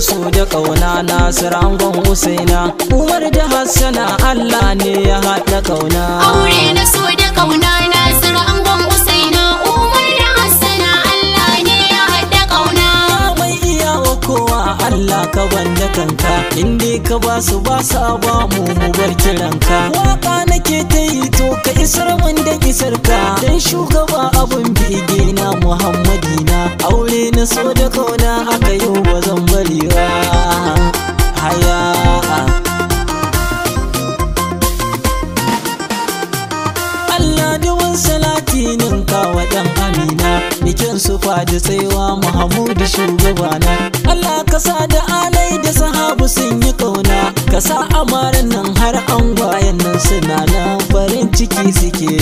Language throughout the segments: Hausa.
soja su da kauna nasir angon husaina umar da hassana allah ne ya haɗa kauna aure na so da kauna na Inda ka ba su ba su ba mu mu bar kiranka Waka nake ta yi to ka isar min da isar ka Dan shugaba abun bege na Muhammadi na Aure na so da kauna aka yau ba zan bari ba Haya salati wa dan amina nikin su fadi saiwa muhammadu shugabana allah ka sa da sun yi kauna ka sa amaran nan har an nan suna nan farin ciki suke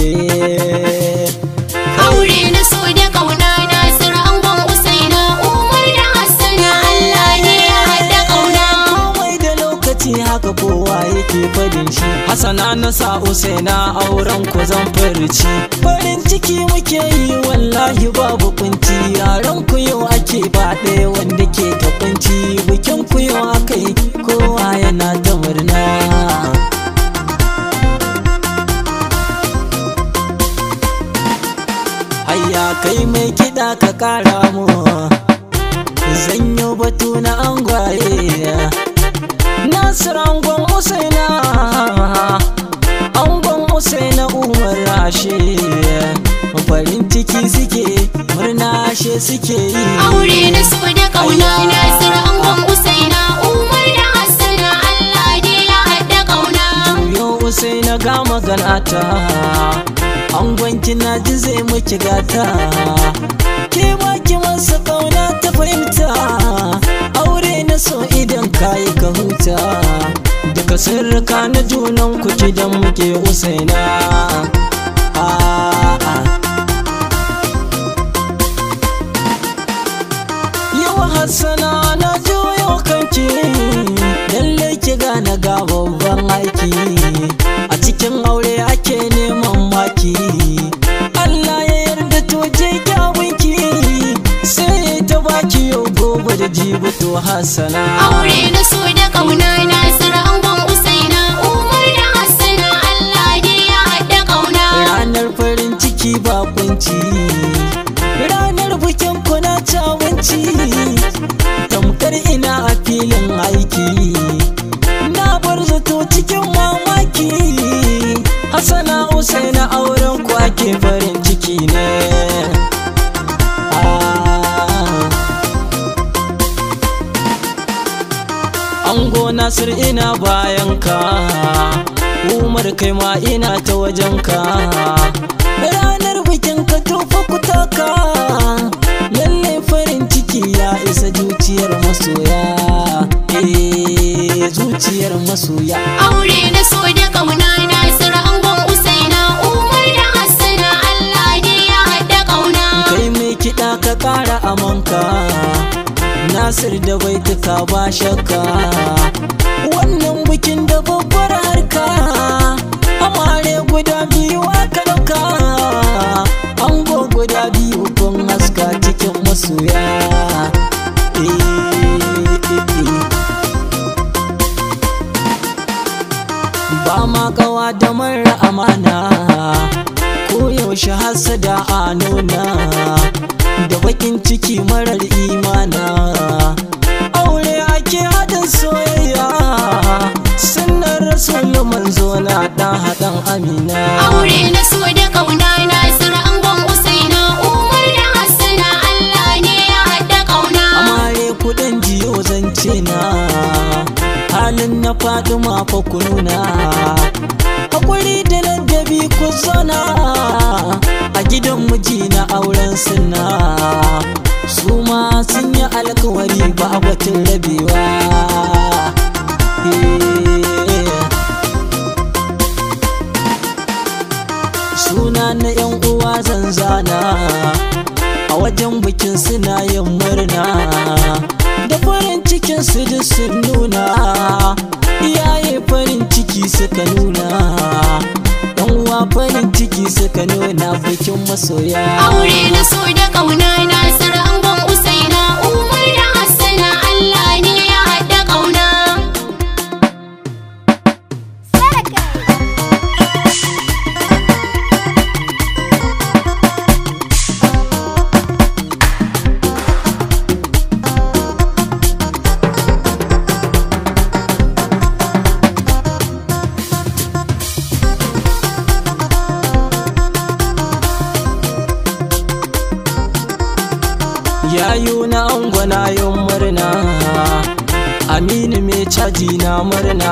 sana na usaina na auren ku zan furci farin ciki muke yi wallahi babu kunci yaran ku yau ake ba ɗaya wanda ke ta kunci bikin ku yau aka kowa yana ta murna hayya kai mai kiɗa ka kara mu zanyo batu na angwaye Nasir angon Usaina Angon Usaina Umar Rashe Farin ciki suke murna she suke yi Aure na su da kauna Nasir angon Usaina Umar da Hassana Allah dai ya hada kauna Yo Usaina ga magana ta Angon kina ji zai miki gata Ke ma ki masa kauna ta fahimta na so idan kayi ka huta daga sirrika na junan ku kidan muke usaina ah, ah. yawa hassana na juyo kanki lalle ki gane ga babban aiki a cikin aure hasana aure na so da kauna na sarangon usaina umar da hassana allah ya haɗa kauna ranar farin ciki bakunci nasir ina bayan ka umar kai ma ina ta wajen ka ranar bikin ka tofa ku lalle farin ciki ya isa zuciyar masoya eh zuciyar masoya aure na so da kauna nasir angon usaina umar da hassana allah ne ya hada kauna kai mai kiɗa ka ƙara amanka Nasir da tuka ba shakka zama kawa da mara amana koyaushe hasada a nuna da bakin ciki marar imana aure ake haɗin soyayya sunan rasulun manzo na ɗan haɗin amina aure na so da ƙauna na kuɗin jiyo na halin na faɗi mafa kununa ku zana a gidan miji na auren suna su ma sun yi alkawari ba a batun rabewa eh. suna na yan uwa zanzana a wajen bikin suna yin murna da farin cikin su sun nuna iyaye farin ciki suka nuna ka nuna bikin masoya aure na so da kauna na na angwana yin murna aminu mai caji na murna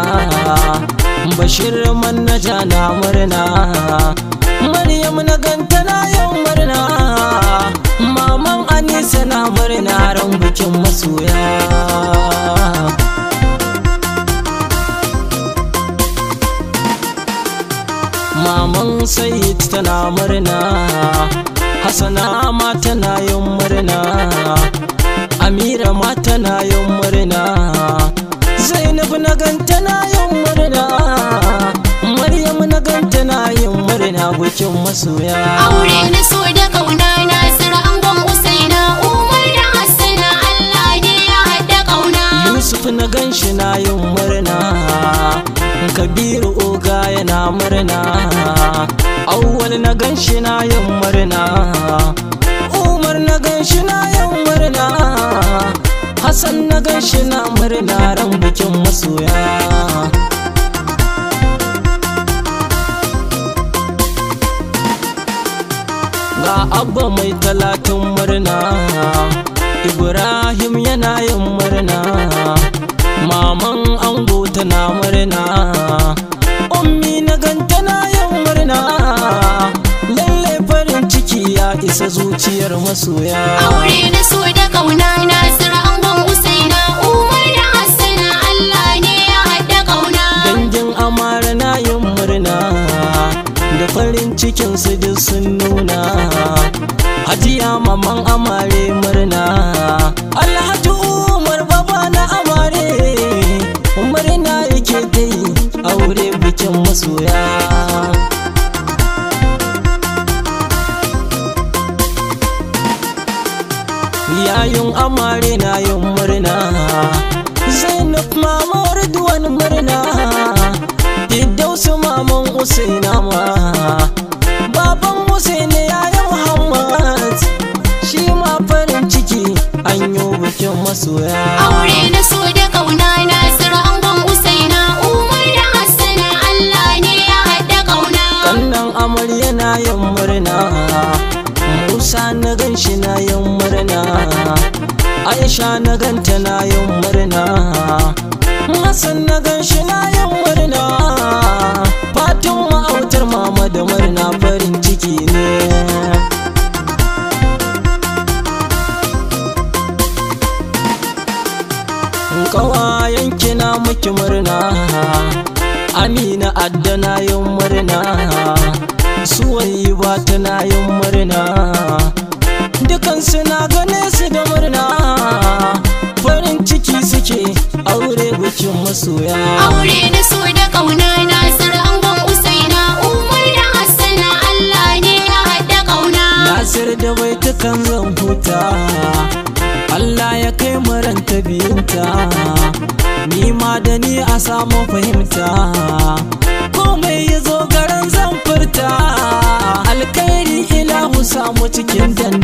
bashirin manaja na murna maryam na ganta na cikin masoya aure na so da kauna na sira angon usaina umar da hassana allah ne ya hada kauna yusuf na ganshi na yin murna kabiru oga yana murna awwal na ganshi na yin murna umar na ganshi na yin murna hassan na ganshi na murna ran bikin masoya abba mai talatin murna ibrahim yana yin murna maman ango tana murna ummi na ganta na yin murna lalle farin ciki ya isa zuciyar masoya aure na so da kauna na cikin su duk sun nuna hajiya maman amare murna alhaji umar baba na amare murna yake ta aure bikin masoya yayin amare na yin murna zainab mamar duwan murna su maman usaina ma masoya aure na so da kauna na an gon usaina umar da hassana allah ne ya hada kauna kallon amarya na yin murna musa na gan shi na yin murna aisha na ganta na yin murna Hassan na gan shi tana yin murna dukan suna gane su da murna farin ciki suke aure bikin masoya aure na so da kauna na angon usaina umar da hassana allah ne ya haɗa kauna nasir da bai tukan zan huta allah ya kai maranta biyunta Ni ma da ni a samu fahimta komai ya zo garin zan furta alkairi mu samu cikin zan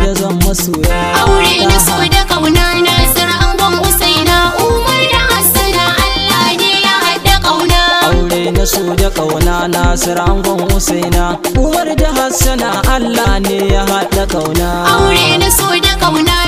masoya aure na so da kauna na sar'angon usaina umar da hassana allah ne ya hada kauna aure na so da kauna na sar'angon usaina umar da hassana allah ne ya hada kauna aure na so da kauna